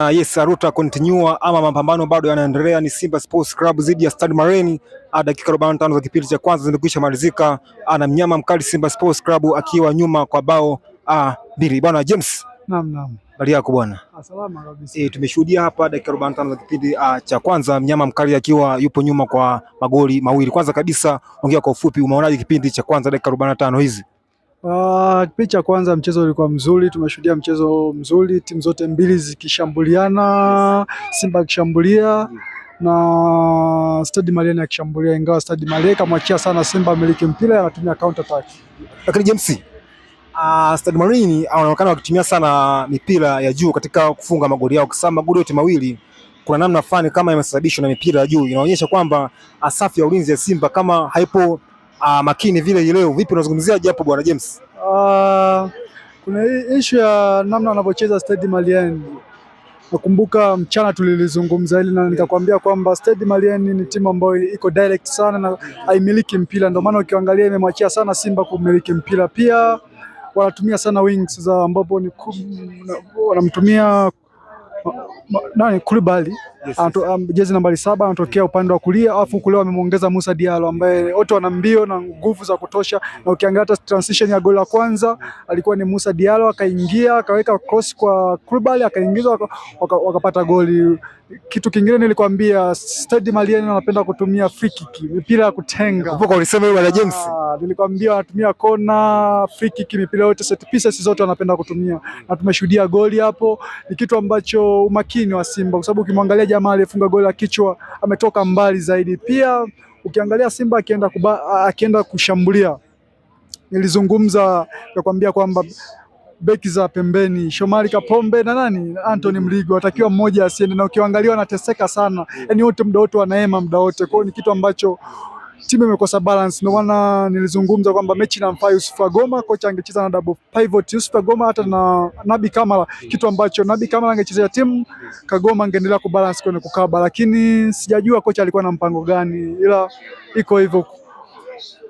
Uh, yes, Aruta continue ama mapambano bado yanaendelea, ni Simba Sports Club dhidi ya Stade Uh, Dakika 45 za kipindi cha kwanza zimekwisha malizika na mnyama mkali Simba Sports Club akiwa nyuma kwa bao mbili. Uh, bwana James. Naam, naam. Habari yako bwana? Ah, salama kabisa. Eh, tumeshuhudia hapa dakika 45 za kipindi uh, cha kwanza mnyama mkali akiwa yupo nyuma kwa magoli mawili. Kwanza kabisa, ongea kwa ufupi, umeonaje kipindi cha kwanza dakika 45 hizi? Uh, kipindi cha kwanza mchezo ulikuwa mzuri, tumeshuhudia mchezo mzuri, timu zote mbili zikishambuliana, Simba akishambulia na Stade Malien akishambulia, ingawa Stade Malien kamwachia sana Simba miliki mpira, anatumia counter attack. Lakini James, uh, Stade Malien anaonekana wakitumia sana mipira ya juu katika kufunga magoli yao, kwa magoli yote mawili kuna namna fani kama imesababishwa na mipira ya juu, inaonyesha kwamba safu ya ulinzi ya Simba kama haipo uh, makini vile leo. Vipi unazungumzia japo bwana James? Uh, kuna ishu issue ya namna wanavyocheza Stade Malien. Nakumbuka mchana tulilizungumza ili na nikakwambia kwamba Stade Malien ni timu ambayo iko direct sana na haimiliki mpira, ndio maana ukiangalia imemwachia sana Simba kumiliki mpira. Pia wanatumia sana wings za ambapo ni wanamtumia nani Kulibali yes, yes. jezi nambari saba anatokea upande wa kulia, alafu kule wamemwongeza Musa Diallo ambaye wote wana mbio na nguvu za kutosha, na ukiangalia hata transition ya goli la kwanza alikuwa ni Musa Diallo, akaingia akaweka cross kwa Kulibali, akaingiza wakapata goli. Kitu kingine nilikwambia, Stade Malien anapenda kutumia free kick, mipira ya kutenga. Kumbuka ulisema yule wa James, ah, nilikwambia anatumia kona, free kick, mipira yote, set pieces zote anapenda kutumia, na tumeshuhudia goli hapo. Ni kitu ambacho umaki makini wa Simba kwa sababu ukimwangalia jamaa aliyefunga goli la kichwa ametoka mbali zaidi. Pia ukiangalia Simba akienda kuba, akienda kushambulia, nilizungumza nakwambia kwamba beki za pembeni Shomari Kapombe na nani Anthony Mligo atakiwa mmoja asiende, na ukiangalia wanateseka sana, yani wote muda wote wanaema muda wote kwao, ni kitu ambacho timu imekosa balance. Ndio maana nilizungumza kwamba mechi na namfaa Yusuf Agoma, kocha angecheza na double pivot Yusuf Agoma hata na Nabi Kamara, kitu ambacho Nabi Kamara angecheza timu Kagoma angeendelea kubalance kwenye kukaba, lakini sijajua kocha alikuwa na mpango gani, ila iko hivyo.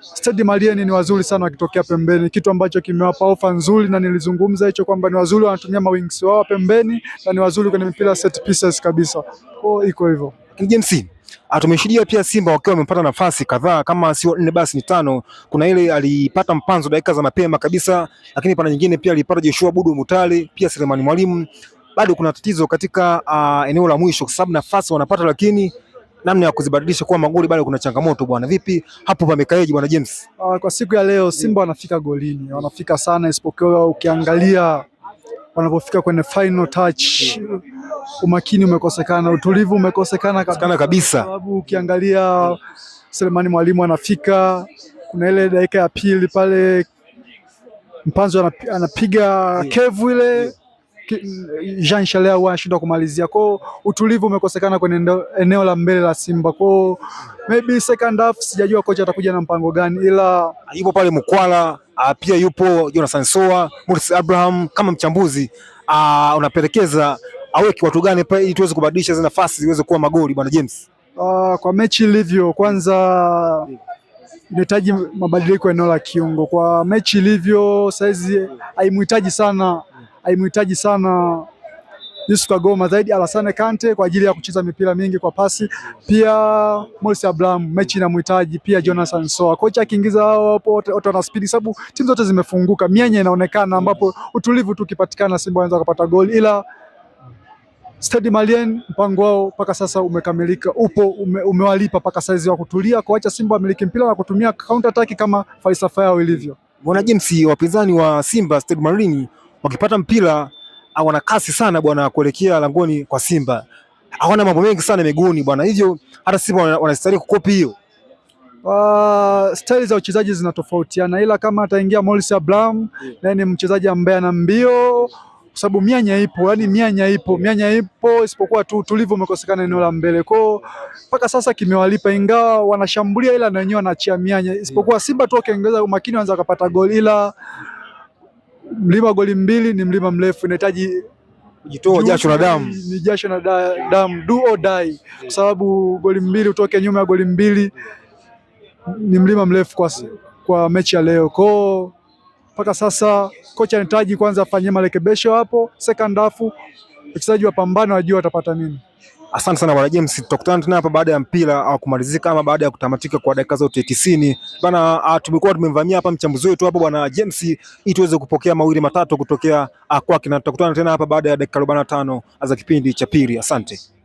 Stadi Malieni ni wazuri sana wakitokea pembeni, kitu ambacho kimewapa ofa nzuri, na nilizungumza hicho kwamba ni wazuri wanatumia mawings wao pembeni na ni wazuri kwenye mpira set pieces kabisa. Kwa hiyo iko hivyo. Ah, tumeshuhudia pia Simba wakiwa wamepata nafasi kadhaa, kama sio nne basi ni tano. Kuna ile alipata Mpanzo dakika za mapema kabisa, lakini pana nyingine pia alipata Joshua Budu Mutale, pia Selemani Mwalimu. Bado kuna tatizo katika uh, eneo la mwisho, kwa sababu nafasi wanapata, lakini namna ya kuzibadilisha kuwa magoli bado kuna changamoto bwana. Vipi hapo pamekaeje bwana James? Uh, kwa siku ya leo Simba wanafika golini, wanafika sana, isipokuwa ukiangalia wanapofika kwenye final touch yeah umakini umekosekana, utulivu umekosekana kabisa, kabisa. Sababu ukiangalia Selemani Mwalimu anafika, kuna ile dakika ya pili pale Mpanzo anapiga mm. kevu ile Jean Shalea huwa anashindwa kumalizia kwao, utulivu umekosekana kwenye eneo la mbele la Simba kwao. Maybe second half, sijajua kocha atakuja na mpango gani, ila yupo pale Mkwala ah, pia yupo Jonathan Soa, Morris Abraham. Kama mchambuzi ah, unapelekeza aweke watu gani pale ili tuweze kubadilisha zile nafasi ziweze kuwa magoli bwana James? Uh, kwa mechi ilivyo kwanza inahitaji mabadiliko eneo la kiungo. Kwa mechi ilivyo saizi haimhitaji sana haimhitaji sana Yusuf Kagoma zaidi Alassane Kante kwa ajili ya kucheza mipira mingi kwa pasi, pia Moses Abraham mechi inamhitaji, pia Jonathan Soa. Kocha akiingiza hao hapo wote wana speed, sababu timu zote zimefunguka, mianya inaonekana, ambapo utulivu tu ukipatikana Simba wanaweza kupata goli ila Stade Malien mpango wao mpaka sasa umekamilika, upo ume, umewalipa mpaka saizi wa kutulia kuacha Simba wamiliki mpira na kutumia counter attack kama falsafa yao ilivyo. Bwana jinsi wapinzani wa Simba Stade Malien wakipata mpira wana kasi sana bwana, kuelekea langoni kwa Simba hawana mambo mengi sana miguuni bwana, hivyo hata Simba wanastahili kukopi hiyo. Uh, ah, staili za uchezaji zinatofautiana, ila kama ataingia Morris Abraham yeah, naye ni mchezaji ambaye ana mbio kwa sababu mianya ipo, yani mianya ipo, mianya ipo, isipokuwa tu utulivu umekosekana eneo la mbele. Kwa mpaka sasa kimewalipa, ingawa wanashambulia, ila na wenyewe wanaachia mianya, isipokuwa Simba tu wakiongeza umakini wanaweza kupata goli, ila mlima goli mbili ni mlima mrefu, inahitaji kujitoa jasho na damu, ni jasho na damu, do or die, kwa sababu goli mbili, utoke nyuma ya goli mbili, ni mlima mrefu kwa, kwa mechi ya leo kwao mpaka sasa kocha anahitaji kwanza afanyie marekebisho hapo, second half wachezaji wapambane, wajue watapata nini. Asante sana bwana James, tutakutana tena hapa baada ya mpira au kumalizika ama baada ya kutamatika kwa dakika zote tisini. Bana, ah, tumekuwa tumemvamia hapa mchambuzi wetu hapo bwana James ili tuweze kupokea mawili matatu kutokea ah, kwake, na tutakutana tena hapa baada ya dakika 45 na tano za kipindi cha pili. Asante.